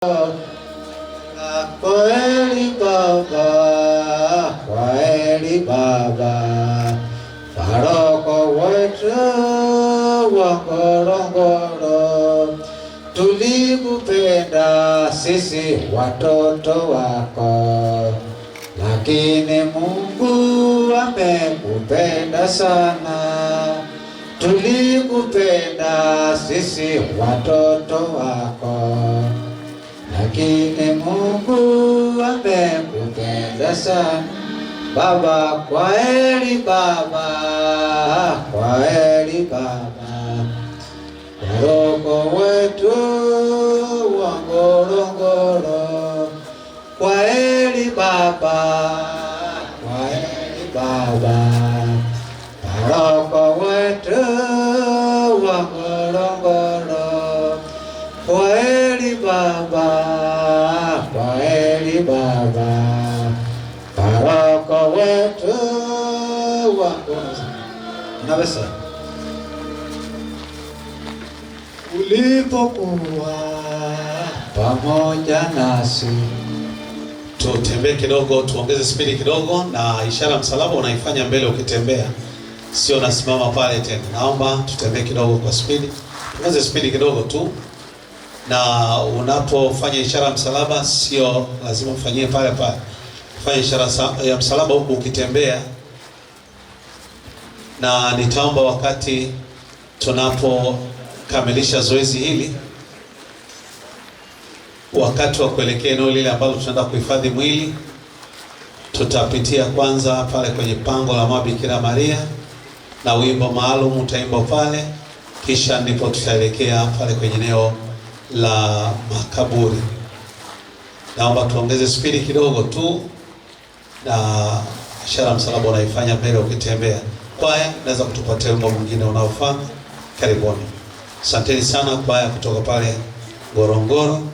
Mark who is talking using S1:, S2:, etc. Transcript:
S1: Kweli Baba, kweli Baba, paroko wetu wa Ngorongoro, tulikupenda sisi watoto wako, lakini Mungu amekupenda sana. Tulikupenda sisi watoto wako lakini Mungu amekupenda sana Baba, kwa heri Baba, kwa heri Baba, Moroko wetu wa Ngorongoro, kwa heri Baba, kwa heri Baba, Moroko wetu wa Ngorongoro, kwa Baba Naweza ulipokuwa pamoja nasi.
S2: Tutembee kidogo, tuongeze spidi kidogo, na ishara msalaba unaifanya mbele ukitembea, sio nasimama pale tena. Naomba tutembee kidogo kwa spidi, tuongeze spidi kidogo tu, na unapofanya ishara msalaba sio lazima ufanyie pale pale, fanya ishara ya msalaba huku ukitembea na nitaomba wakati tunapokamilisha zoezi hili, wakati wa kuelekea eneo lile ambalo tunaenda kuhifadhi mwili, tutapitia kwanza pale kwenye pango la Mabikira Maria na wimbo maalum utaimbwa pale, kisha ndipo tutaelekea pale kwenye eneo la makaburi. Naomba tuongeze spidi kidogo tu, na ishara msalaba unaifanya mbele ukitembea kwaya naweza kutupatia wimbo mwingine unaofaa. Karibuni, asanteni sana kwaya kutoka pale Ngorongoro.